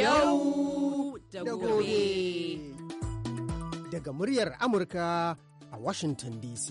yau da gobe. Daga muryar Amurka a Washington DC.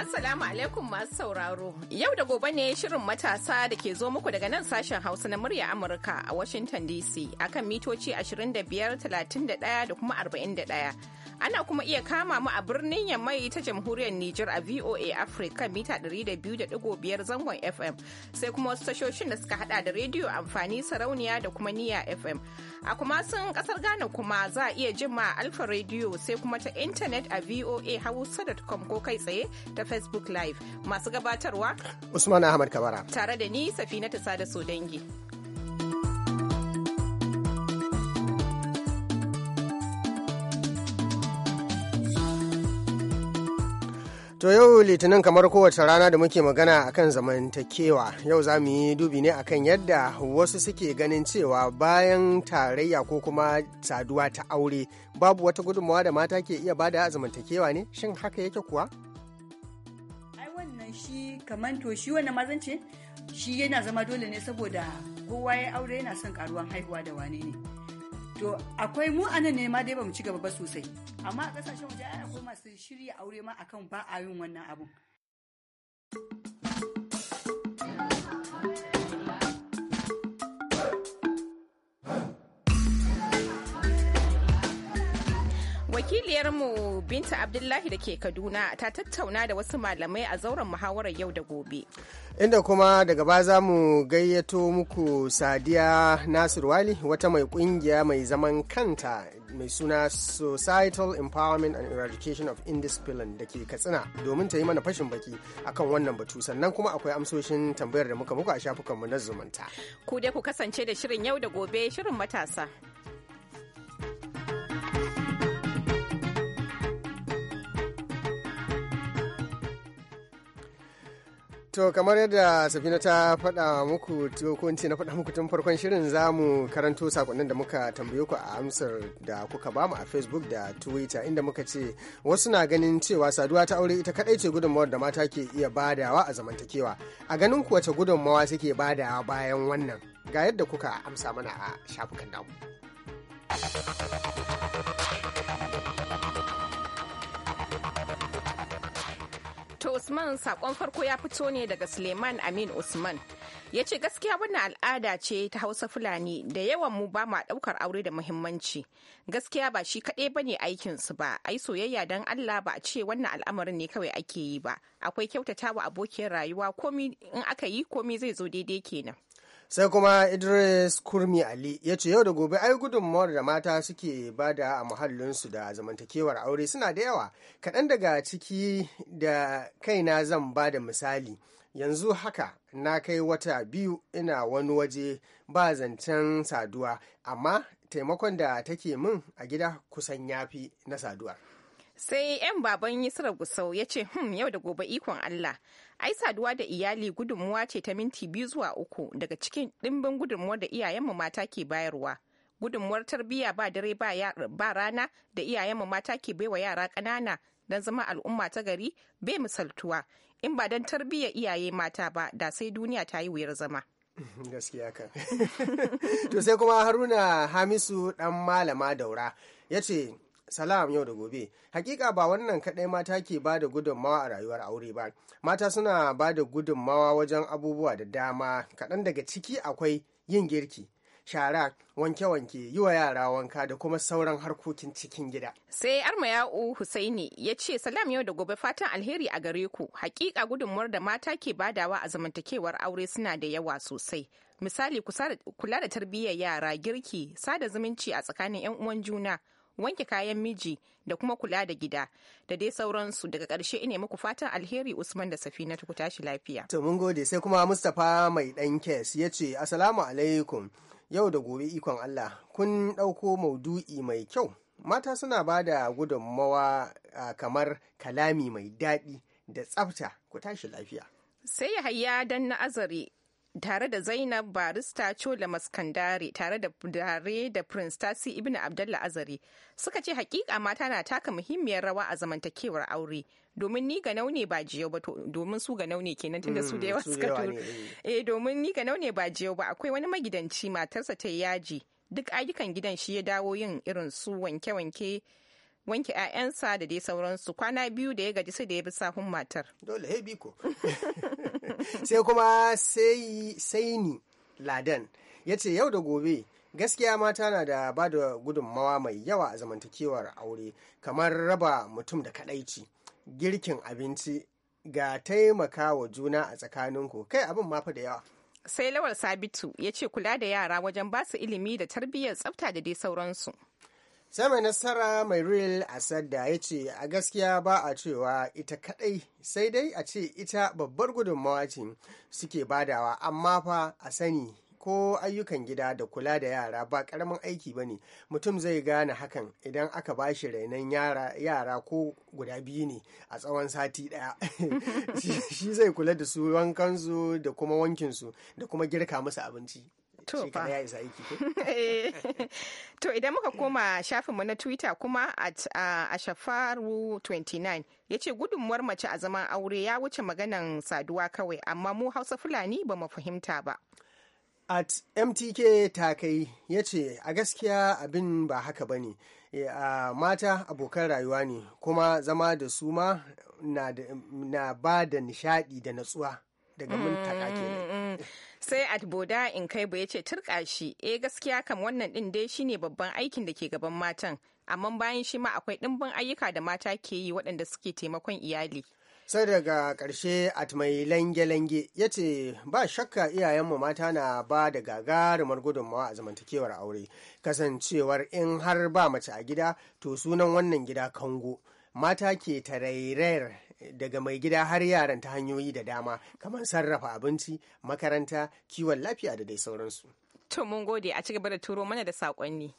Assalamu alaikum masu sauraro. Yau da gobe ne shirin matasa da ke zo muku daga nan sashen Hausa na murya Amurka a Washington DC akan mitoci 25, 31 da kuma 41. Ana kuma iya kama mu a birnin Yamai ta jamhuriyar Nijar a VOA Africa mita 200.5 zangon FM sai kuma wasu tashoshin da suka hada da rediyo amfani sarauniya da kuma niya FM. A kuma sun kasar Ghana kuma za a iya jima alfa rediyo sai kuma ta intanet a VOA Hausa.com ko kai tsaye ta Facebook Live. Masu gabatarwa Usman Ahmad Kabara. Tare da ni Safina ta sada so dangi. To yau litinin kamar kowace rana da muke magana akan zamantakewa yau za mu yi dubi ne akan yadda wasu suke ganin cewa bayan tarayya ko kuma saduwa ta aure babu wata gudunmawa da mata ke iya bada a zamantakewa ne shin haka yake kuwa? Ai wannan shi kamar to shi wannan mazan ce shi yana zama dole ne saboda kowa ya aure yana son karuwan haihuwa da wane ne. to akwai mu anan ne ma dai bamu ci gaba ba sosai amma a kasashen waje ai akwai masu shirya aure ma akan ba a yin wannan abun Wakiliyarmu Binta Abdullahi da ke Kaduna ta tattauna da wasu malamai a zauren muhawarar yau da gobe. Inda kuma daga ba za mu gayyato muku Sadiya Nasir Wali wata mai kungiya mai zaman kanta mai suna Societal Empowerment and Eradication of Indiscipline da ke Katsina domin ta yi mana fashin baki akan wannan batu sannan kuma akwai amsoshin tambayar da muka muku a shafukanmu na zumunta. Ku dai ku kasance da shirin yau da gobe shirin matasa. To kamar yadda Safina ta faɗa muku ko na faɗa muku tun farkon shirin za mu karanto sakonnin da muka tambaye ku a amsar da kuka bamu a Facebook da Twitter inda muka ce wasu na ganin cewa saduwa ta aure ita kadai ce gudunmawar da mata ke iya badawa a zamantakewa. A ganin ku wace gudunmawa suke badawa bayan wannan ga yadda kuka amsa mana a shafukan namu. Usman sakon farko ya fito ne daga Suleiman Amin Usman. Ya ce gaskiya wannan al'ada ce ta Hausa Fulani da yawan mu ba ma daukar aure da muhimmanci. Gaskiya ba shi kaɗai bane aikin su ba, ai soyayya dan Allah ba a ce wannan al'amarin ne kawai ake yi ba. Akwai kyautatawa abokin rayuwa komi in aka yi komi zai zo daidai kenan. sai kuma idris kurmi ali ya ce yau da gobe ai gudunmawar da mata suke bada a muhallinsu da zamantakewar aure suna da yawa kaɗan daga ciki da kaina zan ba da misali yanzu haka na kai wata biyu ina wani waje ba zancen saduwa amma taimakon da take min a gida kusan yafi na saduwa. sai 'yan baban yisra gusau ya ce hmm yau da gobe ikon allah ai saduwa da iyali gudunmuwa ce ta minti biyu zuwa uku daga cikin dimbin gudunmuwar da iyayenmu mata ke bayarwa gudunmuwar tarbiyya ba dare ba rana da iyayenmu mata ke baiwa yara ƙanana don zama al'umma ta gari bai misaltuwa in ba don tarbiyyar iyaye mata ba da sai duniya ta yi wuyar zama gaskiya ka to sai kuma haruna hamisu dan malama daura ya ce salam yau da gobe hakika ba wannan kadai mata ke ba da gudunmawa a rayuwar aure ba mata suna ba da gudunmawa wajen abubuwa da dama kaɗan daga ciki akwai yin girki shara wanke-wanke yi wa yara wanka da kuma sauran harkokin cikin gida. Sai Armayau Husaini ya ce salam yau da gobe fatan alheri a gare ku hakika gudunmuwar da mata ke badawa a zamantakewar aure suna da yawa sosai. Misali kula da tarbiyyar yara girki sada zumunci a tsakanin 'yan uwan juna wanke kayan miji da kuma kula da gida da dai sauransu daga ƙarshe ina muku fatan alheri usman da safina ku tashi lafiya to mun gode sai kuma mustapha mai dan kes ya ce assalamu alaikum yau da gobe ikon allah kun ɗauko maudu'i mai kyau mata suna ba da gudunmawa kamar kalami mai daɗi da tsafta ku tashi lafiya sai ya hayya dan na azare tare da Zainab Barista Chola Maskandare tare da dare da Prince Tasi Ibn Abdullah azari suka ce hakika mata na taka muhimmiyar rawa a zamantakewar aure domin ni ga naune ba jiyau ba domin su ga naune kenan tunda su da mm, yawa suka turo mm. eh domin ni ga naune ba jiyau ba akwai wani magidanci matarsa ta yaji duk ayyukan gidan shi ya dawo yin irin su wanke-wanke wanke 'ya'yansa da dai sauransu kwana biyu da ya gaji sai da ya bi sahun matar dole hebi ko sai kuma sai ni ladan ya ce yau da gobe gaskiya mata na da ba da gudunmawa mai yawa a zamantakewar aure kamar raba mutum da kadaici girkin abinci ga taimaka wa juna a tsakaninku kai abin mafi da yawa sai lawal sabitu ya ce kula da yara wajen ba su ilimi da tarbiyyar tsafta da dai sauransu sai mai nasara mai real asadda ya ce a gaskiya ba a cewa ita kadai sai dai a ce ita babbar gudunmawa ce suke badawa amma fa a sani ko ayyukan gida da kula da yara ba karamin aiki ba ne mutum zai gane hakan idan aka ba shi rainon yara, ko guda biyu ne a tsawon sati daya shi zai kula da su wankansu da kuma wankinsu da kuma girka musu abinci to fa ya isa aiki eh. to idan muka koma shafinmu na twitter kuma a ashafaru 29 ya ce gudunmuwar mace a zaman aure ya wuce maganan saduwa kawai amma mu hausa fulani ba mu fahimta ba at mtk takai ya ce a gaskiya abin ba haka ba ne eh, mata abokan rayuwa ne kuma zama da su ma na ba da nishadi da natsuwa daga mun taka ne. sai boda in kai ba ya ce turka shi eh gaskiya kam wannan din dai shine babban aikin da ke gaban matan amma bayan shi ma akwai dimbin ayyuka da mata ke yi waɗanda suke taimakon iyali sai daga karshe at mai lange-lange ya ce ba shakka iyayenmu mata na ba da gagarumar gudunmawa a zamantakewar aure kasancewar in har ba mace a gida to sunan wannan gida kango mata ke tarairayar daga mai gida har yaran ta hanyoyi da dama kamar sarrafa abinci makaranta kiwon lafiya da dai sauransu to mun gode a ci gaba da turo mana da saƙonni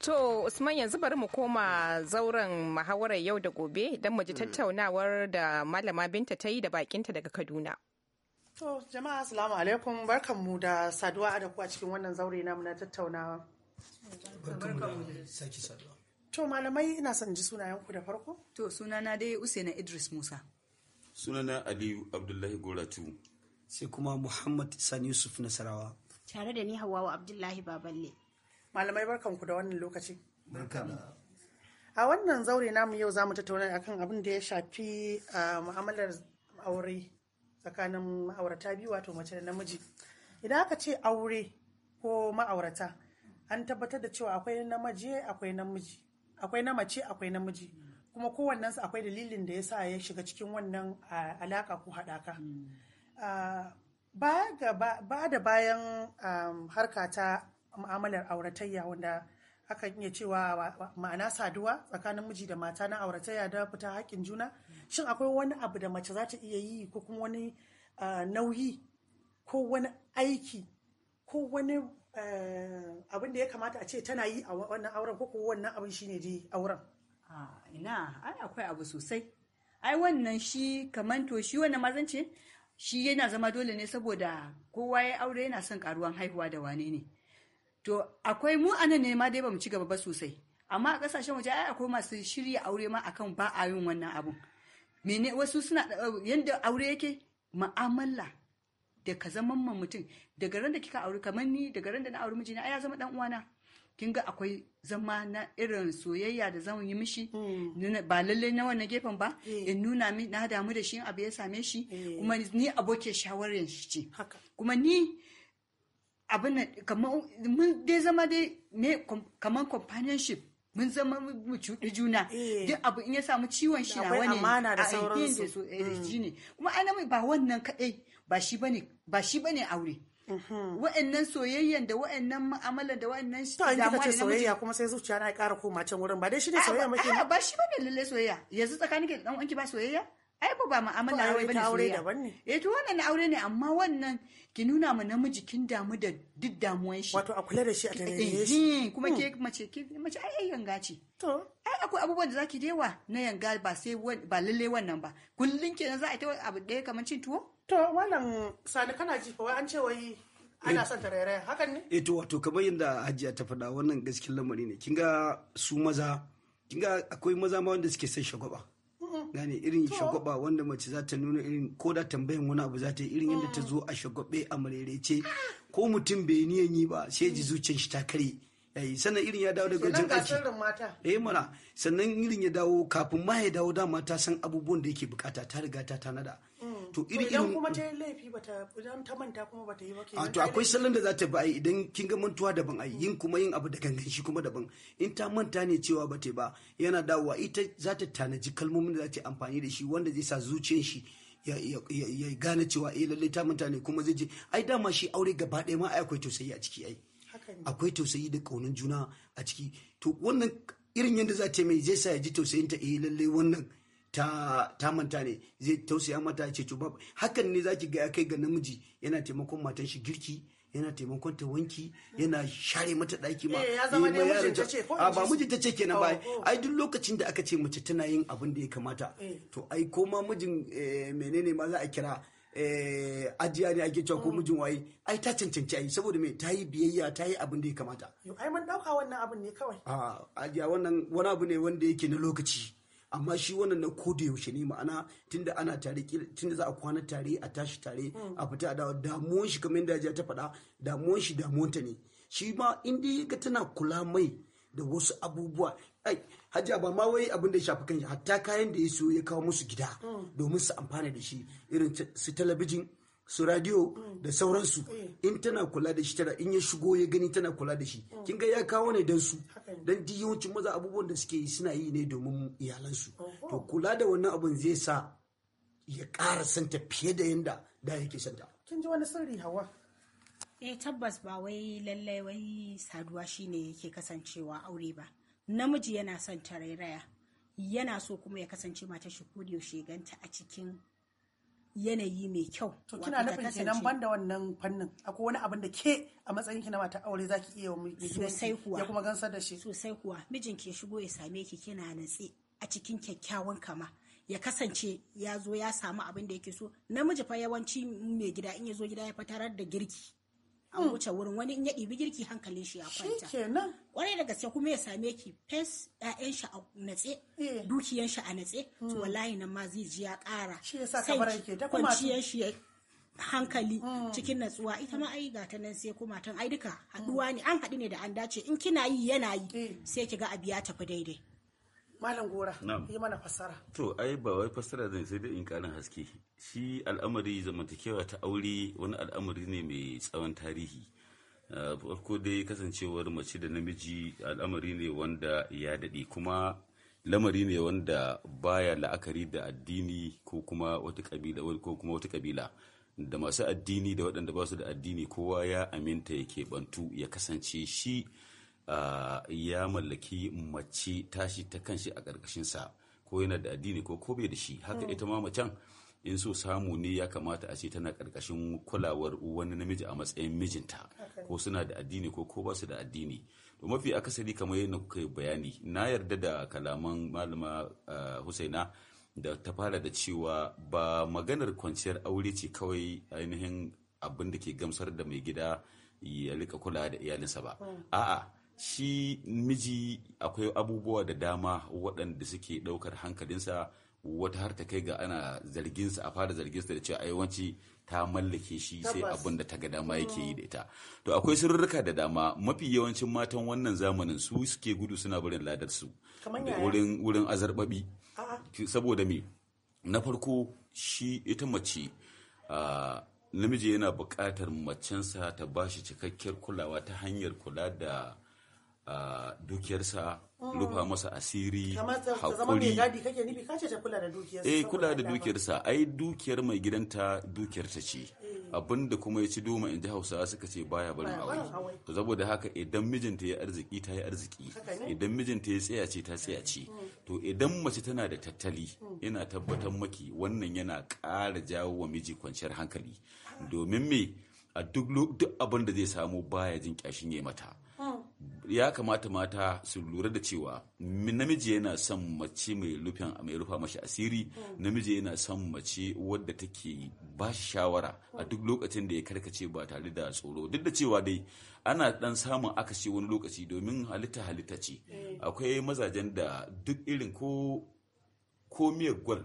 To Usman yanzu bari mu koma zauren muhawarar yau da gobe don mu ji mm. tattaunawar da malama binta ta yi da bakinta daga Kaduna. To jama'a assalamu alaikum barkanmu da saduwa da kuwa a cikin wannan zaure namu na tattaunawa. To malamai ina son ji sunayen ku da farko? To sunana dai Usaina Idris Musa. Sunana Aliyu Abdullahi Goratu. Sai kuma Muhammad Sani Yusuf Nasarawa. Tare da ni Hawwa Abdullahi Baballe. Malamai barkanku da wannan lokaci. a wannan zaure namu yau za mu tattauna akan abin da ya shafi ah, mu'amalar aure tsakanin ma'aurata biyu wato mace da namiji idan aka ce aure ko ma'aurata an tabbatar da cewa akwai namiji akwai namiji akwai na mace akwai namiji kuma kowannen su akwai dalilin da ya sa ya shiga cikin wannan alaka ko hadaka ba da bayan um, harka ta mu'amalar auratayya wanda akan iya cewa ma'ana saduwa tsakanin miji da mata na auratayya da fita haƙƙin juna shin akwai wani abu da mace za ta iya yi ko kuma wani nauyi ko wani aiki ko wani abin da ya kamata a ce tana yi a wannan auren ko kuwa wannan abin ne dai auren ina ai akwai abu sosai ai wannan shi kamanto shi wannan mazan ce shi yana zama dole ne saboda kowa ya aure yana son karuwan haihuwa da wane ne to akwai mu anan ne ma dai bamu ci gaba ba sosai amma a kasashen waje ai akwai masu shirya aure ma akan ba a yin wannan abun mene wasu suna eh, yanda aure yake ma'amala da ka zama man mutum daga ran da kika aure kamar ni daga ran da na aure mijina ai ya zama dan uwana kin ga akwai zama na irin soyayya da zan yi mishi mm. ba lallai na wannan gefen ba mm. in nuna na damu da shi abu ya same shi mm. kuma ni aboke shawarar shi ce kuma ni abin mun dai zama dai me kamar companionship mun zama mu cuɗi juna eh. duk abu in ya samu ciwon shi na wani amana da sauransu eh, mm. shi ne kuma ana ba wannan kaɗai ba shi bane ba shi bane aure mm-hmm. wa'annan soyayyan da wa'annan mu'amala da wa'annan shi da mu ce soyayya kuma sai zuciya na ƙara koma can wurin ba dai shi ne soyayya muke ba shi bane lalle soyayya yanzu tsakanin ke da uwanki ba soyayya ai ko ba mu'amala wai bane aure daban ne eh to wannan aure ne amma wannan ki nuna mu namiji kin damu da duk damuwan shi wato a kula da shi a tare shi eh, eh, kuma hmm. ke mace ke mace ai yanga ce to ai akwai abubuwan da zaki dewa na yanga ba sai ba lalle wannan ba kullun kenan za a ta abu daya kamar cin tuwo to wannan sani kana ji fa wai an ce wai ana eh. son tarere hakan ne eh to wato kamar yadda hajiya ta faɗa wannan gaskiyar lamari ne kinga su maza kinga akwai maza ma wanda suke son shagwaba gane irin shagwaba wanda mace za ta nuna irin ko da tambayan wani abu za ta yi irin yadda ta mm. zo a shagwabe a marerece ko mutum bai niyan yi ba sai ji zuciyar shi ta kare yayi eh, sannan irin ya dawo daga wajen aiki eh mana sannan irin ya dawo kafin ma ya dawo da mata san abubuwan da yake bukata ta riga ta tanada mm. to iri irin kuma ta laifi bata idan ta manta kuma bata yi ba ah, to akwai salon da za ta bi idan kin ga mantuwa daban ai yin kuma yin abu da gangan shi kuma daban in ta manta ne cewa bata ba yana dawowa ita za ta tanaji kalmomin da za ta amfani da shi wanda zai sa zuciyar shi ya gane cewa eh lallai ta manta ne kuma zai je ai dama shi aure gaba ɗaya ma ai akwai tausayi a ciki ai akwai tausayi da kaunin juna a ciki to wannan irin yadda za ta mai zai sa ya ji tausayin ta eh lallai wannan ta manta ne zai tausaya mata ce to babu hakan ne zaki ga kai ga namiji yana taimakon matan shi girki yana taimakon ta wanki yana share mata daki ma eh, ya zama eh, ne mijin ta ce a ah, ba mijin ta ce kenan ba oh, oh. ai duk lokacin da aka ce mace tana yin abin da ya kamata eh. to ai ko ma mijin menene ma za a kira ajiya ne ake cewa ko mm. mijin waye ai ta cancanci ai saboda me ta yi biyayya ta yi abin da ya kamata ai mun dauka wannan abin ne kawai a ah, ajiya wannan wani abu ne wanda yake na lokaci amma shi wannan na ko yaushe ne ma'ana tunda ana tare tunda za a kwana tare a tashi tare a fita da damuwan shi kamar yadda ta faɗa damuwan shi damuwan ta ne shi ma in dai ga tana kula mai da wasu abubuwa ai hajji ba ma wai abin da ya shafi kan hatta kayan da ya so ya kawo musu gida mm. domin su amfana da shi irin su talabijin su radio mm. da sauransu eh. in tana kula da shi tana in ya shigo ya gani tana kula da shi mm. kin ga ya kawo ne dan su dan duk yawancin maza abubuwan da suke yi suna yi ne domin iyalansu oh, oh. to kula da wannan abun zai sa ya ƙara santa fiye da yanda da yake santa kin ji wani sirri hawa eh tabbas ba wai lallai wai saduwa shine yake kasancewa aure ba namiji yana son tarairaya yana so kuma ya kasance mata shi ko yaushe ganta a cikin yanayi mai kyau. To kina nufin kenan banda wannan fannin akwai wani abin da ke a matsayin ki na mata aure zaki iya wa sosai kuwa ya kuma gansar da shi. Sosai kuwa mijin ke shigo ya same ki kina natsi a cikin kyakkyawan kama ya kasance ya zo ya samu abin da yake so namiji fa yawanci mai gida in ya zo gida ya fatarar da girki an mm. wuce wurin wani in ya ɗibi girki hankalin shi ya kwanta kwarai da gaske kuma ya same ki fes ya'yan shi a natse eh. dukiyan shi a natse to mm. wallahi nan ma zai ji ya ƙara shi yasa kabarai ta kuma hankali mm. cikin natsuwa ita ma ai gata nan sai kuma tan ai duka haduwa ne an haɗu ne da an dace in kina yi yana yi eh. sai ki ga abu ya tafi daidai Malam Gora, yi mana fassara. To, ai ba wai fasara zai sai da in karin haske. Shi al'amari zamantakewa ta aure wani al'amari ne mai tsawon tarihi. Farko dai kasancewar mace da namiji al'amari ne wanda ya daɗe kuma lamari ne wanda baya la'akari da addini ko kuma wata kabila ko kuma wata kabila da masu addini da waɗanda ba su da addini kowa ya aminta yake bantu ya kasance shi ya mallaki mace tashi ta kanshi a ƙarƙashinsa ko yana da addini ko ko bai da shi haka mm. ita ma macen in so samu ne ya kamata a ce tana ƙarƙashin kulawar wani namiji a matsayin mijinta ko suna da addini ko ko ba su da addini to mafi akasari kamar yadda kuka yi bayani na yarda da kalaman malama husaina da ta fara da cewa ba maganar kwanciyar aure ce kawai ainihin abin da ke gamsar da mai gida ya rika kula da iyalinsa ba mm. a'a shi miji akwai abubuwa da dama waɗanda suke ɗaukar hankalinsa wata har ta kai ga ana zarginsa a fara zarginsa da cewa yawanci ta mallake shi sai abin da ta ga dama yake yi da mm. ita to akwai sirrika da dama mafi yawancin matan wannan zamanin su suke gudu suna barin ladar su da wurin wurin azarbabi saboda me na farko shi ita mace namiji yana buƙatar macensa ta bashi cikakkiyar kulawa ta hanyar kula da a dukiyarsa rufa oh. masa asiri haƙuri eh kula da dukiyarsa ai dukiyar mai gidanta dukiyarta ce eh. abin da kuma ya ci doma in ji hausawa suka ce baya barin aure to saboda haka idan mijinta ya arziki ta yi arziki idan mijinta ya tsaya ce ta tsaya ce mm. to idan mace tana da tattali yana mm. tabbatar maki wannan yana ƙara jawo wa miji kwanciyar hankali domin me a duk abin da zai samu baya jin kyashin ya mata ya kamata mata su lura da cewa namiji yana son mace mai rufin mai rufa mashi asiri mm. namiji yana son mace wadda take ba shi shawara a mm. duk lokacin da ya karkace ba tare da tsoro duk da cewa dai ana dan samun akashi wani lokaci domin halitta halitta ce mm. akwai mazajen da duk irin ko ko miyar gwal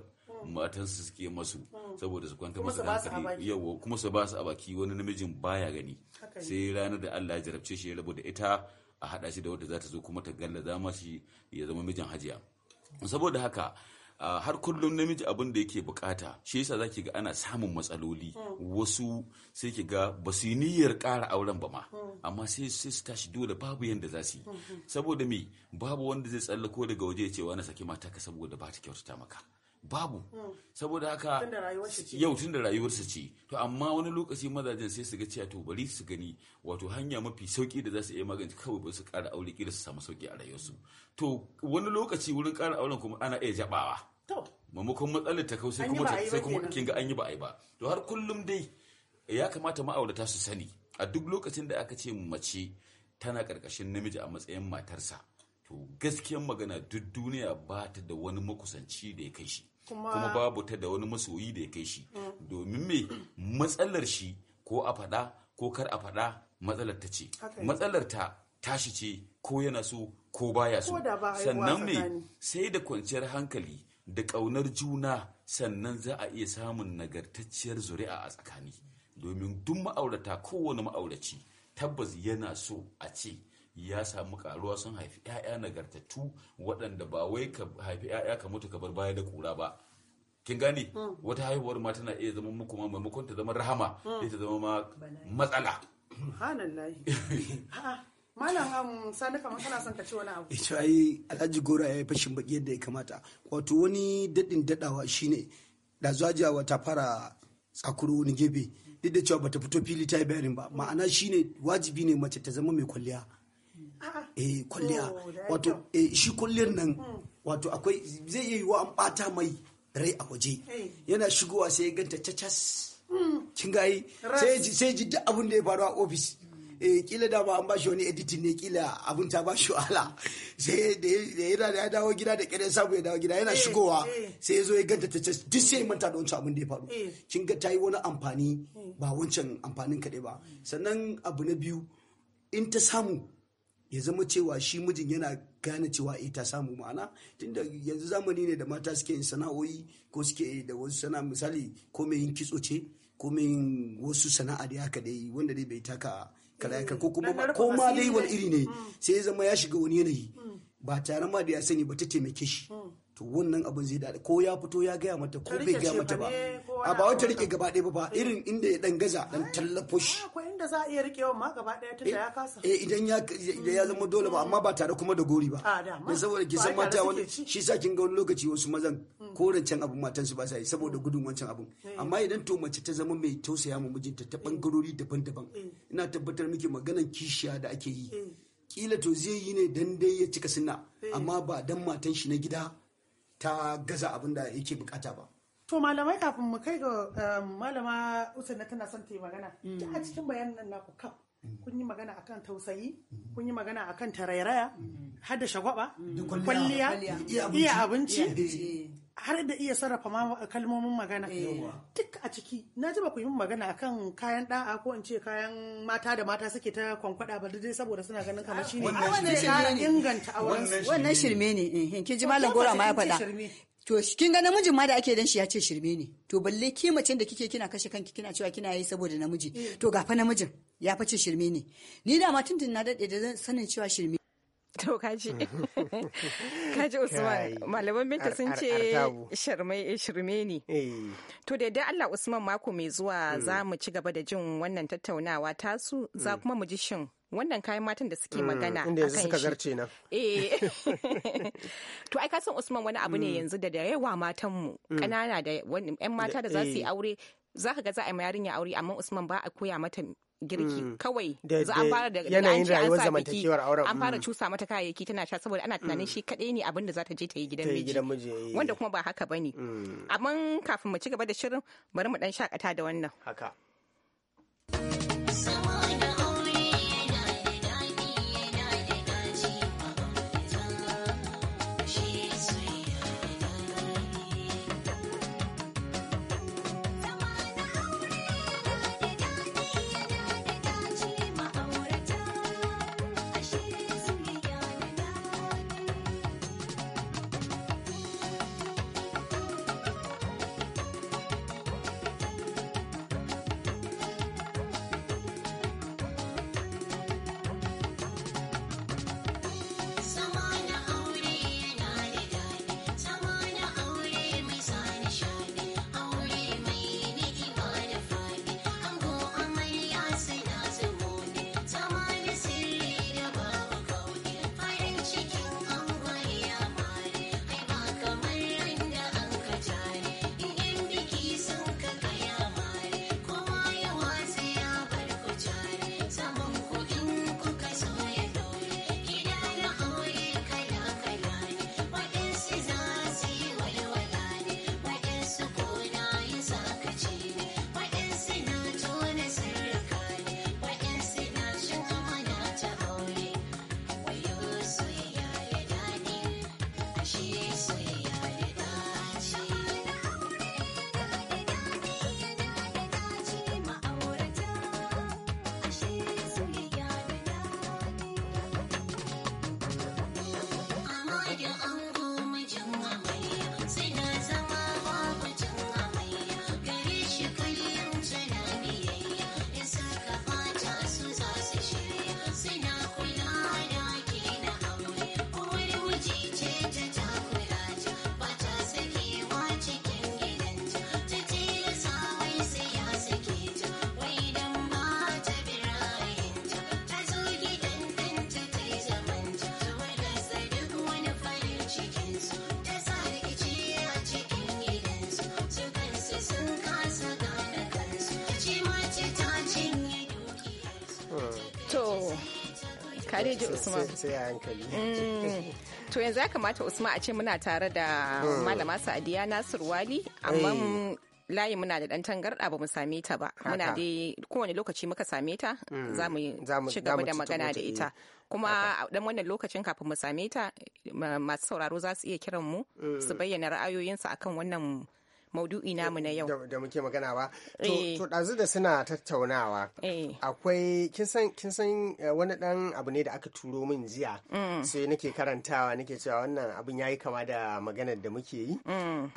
matansu suke masu saboda su kwanta masu hankali yawo kuma su ba su a baki wani namijin baya gani sai ranar da Allah ya jarabce shi ya rabu da ita a haɗa shi da wadda za ta zo kuma ta dama shi ya zama mijin hajiya saboda haka har kullum namiji abin da yake bukata shi yasa zaki ga ana samun matsaloli wasu sai ki ga ba su niyyar ƙara auren ba ma amma sai su tashi dole babu yanda za su yi saboda me babu wanda zai tsallako daga waje ya ce wani saki mata ka saboda ba ta kyautata maka babu hmm. saboda haka yau tun da rayuwarsa ce to amma wani lokaci mazajen sai su ga cewa to bari su gani wato hanya mafi sauki da za su iya magance kawai ba su ƙara aure kila su samu sauki a rayuwarsu to wani lokaci wurin kara auren kuma ana iya jabawa maimakon matsalar ta kau sai kuma sai kuma kin ga an yi ba ai ba to har kullum dai ya kamata ma'aurata su sani a duk lokacin da aka ce mace tana karkashin namiji a matsayin matarsa to gaskiyar magana duk duniya ba ta da wani makusanci da ya kai shi kuma babu ta da wani masoyi da ya kai shi mm. domin me matsalar shi ko a faɗa ko kar a faɗa matsalar ta ce matsalar ta tashi ce ko yana so ko baya so sannan me sai da kwanciyar hankali da ƙaunar juna sannan za a iya samun nagartacciyar zuri'a a tsakani domin duk ma'aurata kowane ma'auraci tabbas yana so a ce ya samu karuwa sun haifi 'ya'ya nagartattu waɗanda ba wai ka haifi 'ya'ya ka mutu ka bar baya da kura ba kin gane hmm. wata haihuwar ma tana iya zama muku ma maimakon ta zama rahama hmm. sai zama ma matsala subhanallahi malam um, sani kamar kana son ka ci wani abu ita eh, ai alhaji gora ya yi fashin baki yadda ya kamata wato wani daɗin daɗawa shine da zuwa ta fara tsakuro wani gefe duk da cewa bata fito fili ta yi bayanin ba ma'ana shine wajibi ne mace ta zama mai kwalliya eh kwalliya oh, wato eh shi kwalliyar nan hmm. wato akwai zai yi wa an bata mai rai a waje eh. yana shigowa sai ya ganta cacas hmm. kin gayi sai ji duk abin da ya faru a ofis eh kila da ba an bashi wani editing ne kila abin ta bashi wahala sai da yana da ya dawo gida da kare sabu ya dawo gida yana eh, shigowa eh. sai ya zo ya ganta cacas duk sai manta da wancan abin da ya faru kin ga tayi wani amfani ba wancan amfanin kaɗai ba sannan abu na biyu in ta samu ya zama cewa shi mijin yana gane cewa eh ta samu ma'ana tunda yanzu zamani ne da mata suke yin sana'o'i ko suke da wasu sana misali ko mai yin kitso ce ko mai yin wasu sana'a da haka dai wanda dai bai taka karayaka ko kuma ko ma dai wani iri ne mm. sai ya zama ya shiga wani yanayi mm. ba tare ma da ya sani ba ta taimake shi mm. to wannan abin zai daɗi ko ya fito ya gaya mata ko bai gaya mata ba a ba wata rike gaba ɗaya ba eh. irin inda ya dan gaza dan tallafo shi da za a iya ma gaba ɗaya tunda ya kasa eh, eh idan ya ya zama dole ba amma ba tare kuma da gori ba dan saboda ki san mata wani shi sa kin ga wani lokaci wasu mazan hmm. ko rancen abin matan su ba sa yi saboda gudun wancan abin eh. amma idan to mace ta zama mai tausaya ma mijinta ta bangarori eh. daban-daban ina tabbatar miki maganan kishiya da ake yi kila to zai yi ne dan dai ya cika sunna amma ba dan matan shi na gida ta gaza abin da yake bukata ba To malamai kafin mu kai ga um, malama Usaina tana son ta yi magana. Mm. a cikin bayanan nan naku kan mm. kun yi magana akan tausayi, mm. kun yi magana akan tarairaya, har da shagwaba, kwalliya, iya abinci, har da iya sarrafa uh, kalmomin magana. Eh. Duk a ciki, na ji ba ku yi magana akan kayan da'a ko in ce kayan mata da mata suke ta kwankwada ba dai saboda suna ganin kamar ah, shi ne. Wannan shirme ne. Inganta a Wannan shirme ne. Eh, eh, Kin ji malam gora ma ya faɗa. to kin ga namijin ma da ake dan shi ya ce shirme ne to balle ki macen da kike kina kashe kanki kina cewa kina yi saboda namiji eh. to ga fa namijin ya fa ce shirme ne ni da ma tuntun na dade da sanin cewa shirme To kaji. kaji Usman, malaman binta sun ce shirme shirme ne. Eh. To da yadda Allah Usman mako mai zuwa hmm. za mu ci gaba da jin wannan tattaunawa tasu za hmm. kuma mu ji shin wannan kayan matan da suke mm, magana inda yanzu suka zarce na. Eh. to ai kasan Usman wani abu ne mm. yanzu da da yawa matan mu kanana mm. da yan mata da za su yi eh. aure zaka ga za a yi yarinya aure amma Usman ba a koya mata girki kawai za a fara da yanayin rayuwar zamantakewar auren an fara cusa mata kayayyaki tana sha saboda ana tunanin shi kadai ne abin da za ta je ta yi gidan miji eh. wanda kuma ba haka bane amma kafin mu ci gaba da shirin bari mu dan shakata da wannan haka kare ji usman sai hankali mm. to yanzu ya kamata usman a ce muna tare da mm. malama sadiya nasir wali amma eh. layi muna da dan tangarda ba mu same ta ba muna dai kowane lokaci muka same ta mm. za mu ci gaba da magana da ita kuma a dan wannan lokacin kafin mu same ta masu sauraro za su iya kiran mu su bayyana ra'ayoyinsu akan wannan maudu'i namu na yau da muke magana ba eh. to ɗazu da suna tattaunawa eh. akwai kin san eh, wani ɗan abu ne da aka turo min jiya mm. sai nake karantawa nake cewa wannan abin yayi kama da maganar da muke yi mm.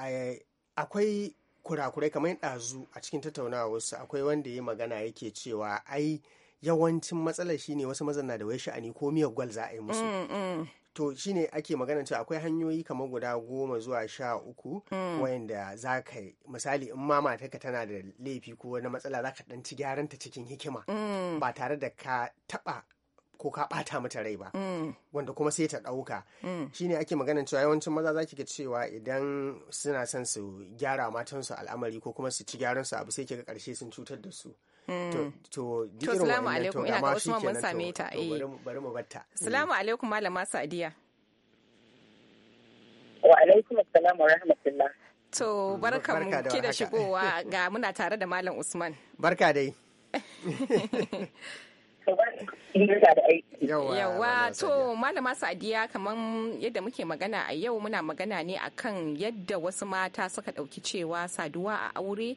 akwai kurakurai kamar ɗazu a cikin tattaunawa wasu akwai wanda ya magana yake cewa ai yawancin matsalar shi ne wasu mazan na da wai sha'ani ko miyar gwal za a yi musu mm, to shine ake magana cewa akwai hanyoyi kamar guda goma zuwa sha uku hmm. wayanda za ka yi. misali in ma matarka tana da laifi ko wani matsala za ka dan ci gyaranta cikin hikima hmm. ba tare da ka taba ko ka bata mata rai ba hmm. wanda kuma sai ta dauka shine ake magana cewa yawancin maza za ki ga cewa idan suna son su gyara matansu al'amari ko kuma su ci gyaran su abu sai ki ga karshe sun cutar da su Hmm. to to salamu alaikum ina ga Usman mun same ta eh bari mu batta hmm. salamu alaikum malama Sadiya wa alaikum assalam wa rahmatullah to hmm. barkamu ke da shigowa ga muna tare da malam Usman barka dai yawa to malama sadiya kamar yadda muke magana a yau muna magana ne akan yadda wasu mata suka ɗauki cewa saduwa a aure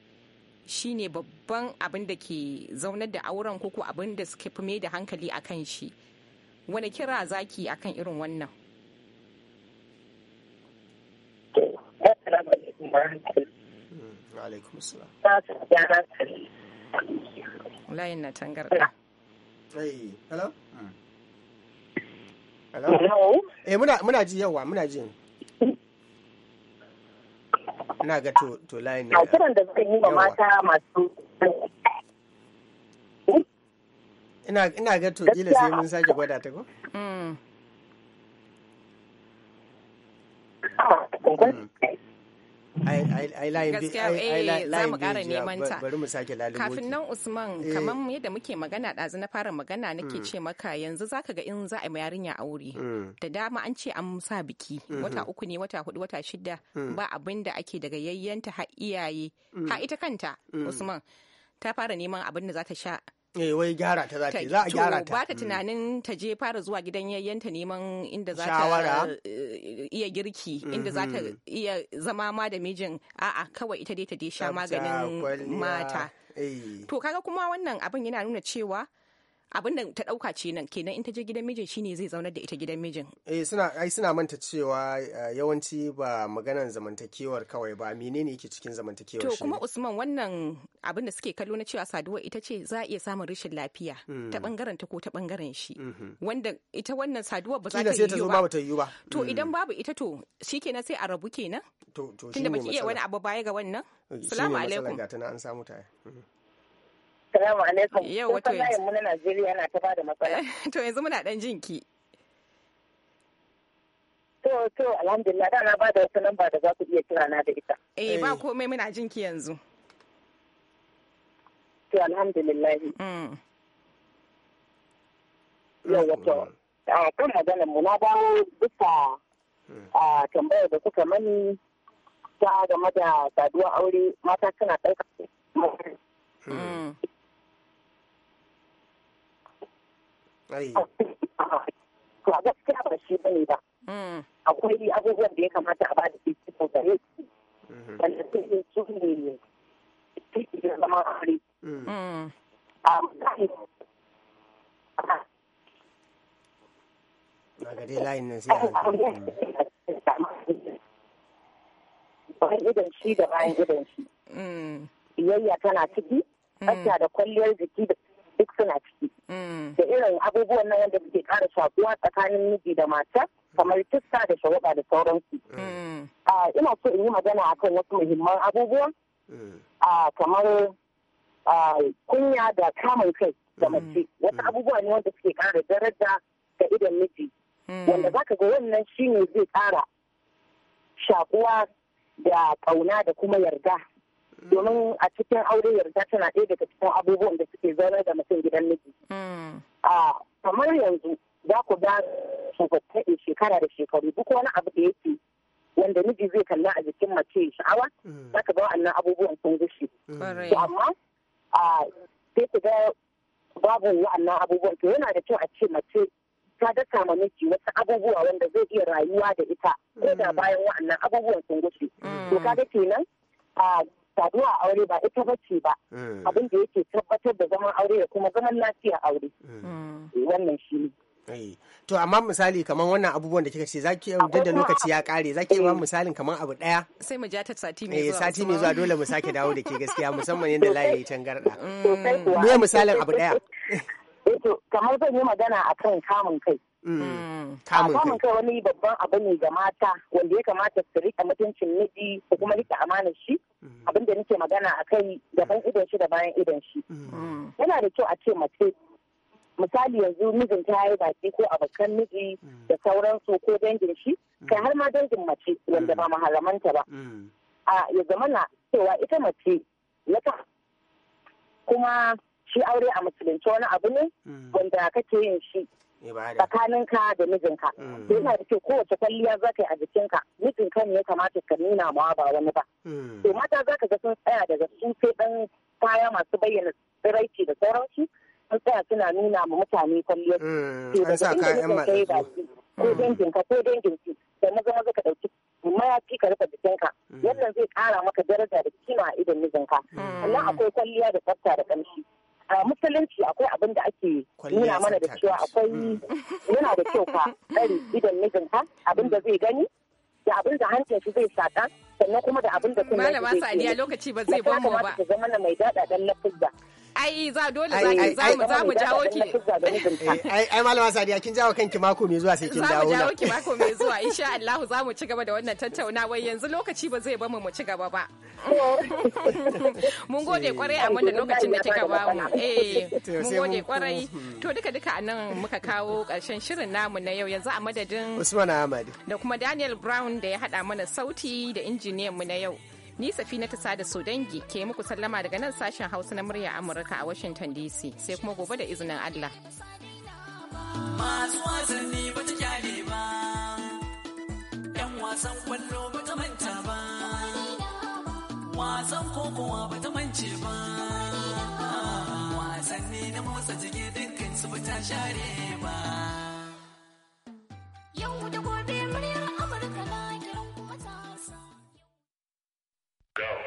shine babban abin da ke zaunar da auren ko abin da suka fi mai da hankali a kan shi wani kira zaki akan irin wannan hmm, layin na tangarɗa hmm. hello hello eh muna ji yawa muna ji na ga to to layin na. Kiran da zan yi wa mata masu Ina ina ga to kila sai mun sake gwada ta ko? Mm. bari mu sake lalubo kafin nan Usman eh. kamar yadda muke magana ɗazu na fara magana nake mm. ce maka yanzu zaka ga in za a yi yarinya aure mm. da dama an ce an sa biki mm-hmm. wata uku ne wata hudu wata shida mm. ba abin da ake daga yayyanta har iyaye ha ita kanta Usman ta fara neman abin da za ta sha eh wai gyara ta za za a gyara ta ba ta mm. tunanin ta je fara zuwa gidan yayyanta neman inda za ta eh, iya girki inda za ta mm-hmm. iya zama ma da mijin a'a kawai ita dai ta dai sha maganin mata eh. to kaga kuma wannan abin yana nuna cewa abin da ta dauka ce nan kenan in ta je gidan mijin shine zai zaunar da ita gidan mijin eh suna ai suna manta cewa eh, yawanci ba maganan zamantakewar kawai ba menene yake cikin zamantakewar shi to kuma Usman wannan abin da suke kallo na cewa saduwa ita ce za a iya samun rashin lafiya hmm. ta bangaren ta ko ta bangaren shi mm-hmm. wanda ita wannan saduwa ba za ta yi ba ta yiwu ba to hmm. idan babu ita to shikenan sai a rabu kenan to to tunda baki iya wani abu baya ga wannan assalamu eh, alaikum an samu ta hmm. Assalamu alaikum. Yau wato yanzu. mu na Najeriya na ta bada matsala. To yanzu muna dan jinki. To to alhamdulillah da na bada nan namba da za ku iya kira na da ita. Eh ba eh. komai muna jinki yanzu. To alhamdulillah. Mm. Yau wato. A kan maganar mu na dawo bisa a tambayar da kuka mani ta game da saduwa aure mata suna ɗaukar mm. to a gaskiya ba shi bane ba hmm. akwai abubuwan da ya kamata a hmm. wanda sun su ne zama a mutane ba layin nan sai bayan idan shi da bayan idan shi hmm. biyayya tana ciki tsafta da kwalliyar jiki da duk suna ciki mm. da irin abubuwan nan wanda suke kara shakuwa tsakanin miji da mata kamar tuska da shawaba da sauransu mm. ina so in yi magana akan wasu muhimman abubuwa mm. kamar kunya da kamun kai da mace wasu abubuwa ne wanda suke kara daraja da idon miji wanda za ka ga wannan shine zai kara shakuwa da kauna da kuma yarda domin a cikin aure yarda tana ɗaya daga cikin abubuwan da suke zaunar da mutum gidan miji. Hmm. kamar yanzu za ku ga in shekara da shekaru duk wani abu da yake wanda miji zai kalla a jikin mace sha'awa hmm. za ka ga wa'annan abubuwan sun gushe. Hmm. amma sai ku ga babu wa'annan abubuwan to yana da kyau a ce mace ta dasa ma miki wasu abubuwa wanda zai iya rayuwa da ita ko da bayan wa'annan abubuwan sun gushe. to ga kenan saduwa a aure ba ita bace ba eh. abin da yake tabbatar da zaman aure da kuma zaman lafiya aure eh. Eh, wannan shi ne to amma misali kamar wannan abubuwan da kika ce za ki duk da lokaci ya kare za ki ba misalin kamar abu daya sai mu ja ta sati mai zuwa sati mai zuwa dole mu sake dawo da ke gaskiya musamman yadda layi yayi tangarda mm. me misalin abu daya kamar zan yi magana akan kamun kai Mm. Mm. Amma mun kai wani babban abu ne ga mata wanda ya kamata su rika mutuncin miji ko kuma rika amana shi mm. abin da nake magana a kai daban idon shi da bayan idon shi. Yana da kyau a ce mace misali yanzu mijin ta yi baki ko abokan miji da sauransu ko dangin shi kai har ma dangin mace wanda ba mahalamanta ba. A ya zama na cewa ita mace ya kuma shi aure a musulunci wani abu ne wanda kake yin shi tsakanin ka da mijinka yana mm. da kyau kowace kwalliya za ka yi a jikinka mijinka ne ya kamata ka nuna mawa ba wani ba mm. to mata za ka ga sun tsaya daga sun sai dan kaya masu bayyana tsiraici da sauransu sun tsaya suna nuna ma mutane kwalliyar mm. to daga inda ka yi baki ko ka ko dangin ki da maza maza ka ɗauki mayafi ka rufe jikinka wannan zai kara maka daraja da kima a idon mijinka sannan akwai kwalliya da tsafta da kamshi a musulunci akwai abin da ake nuna mana da cewa akwai mm. yana da kyau ka tsari idan mijinka abin da zai gani da abin da hancinsu shi zai saka sannan kuma da abin da kuma malama ke lokaci ba zai bamu ba ta zama na mai daɗa dan lafizza ai za dole za mu za mu jawo ki eh, ai malama sadiya kin jawo kanki mako mai zuwa sai kin dawo za mu jawo ki mako mai zuwa insha Allah za mu ci gaba da wannan tattaunawa yanzu lokaci ba zai bamu mu ci gaba ba mun gode kwarai a wanda lokacin da kika ba mu eh mun gode kwarai hmm. to duka duka a nan muka kawo karshen shirin namu na yau yanzu a madadin Usman Ahmad da kuma Daniel Brown da ya hada mana sauti da injiniyan mu na yau Ni Safina ta sada dangi ke muku sallama daga nan sashen Hausa na murya Amurka a Washington DC sai kuma gobe da izinin Allah. Masu wasanni ba ta kyale ba, 'yan wasan kwallo ba ta manta. wasan kokowa ba ta mance ba wasanni na motsa jiki dukkan su ba ta share ba yau da gobe muryar amurka na kiran kuma ta go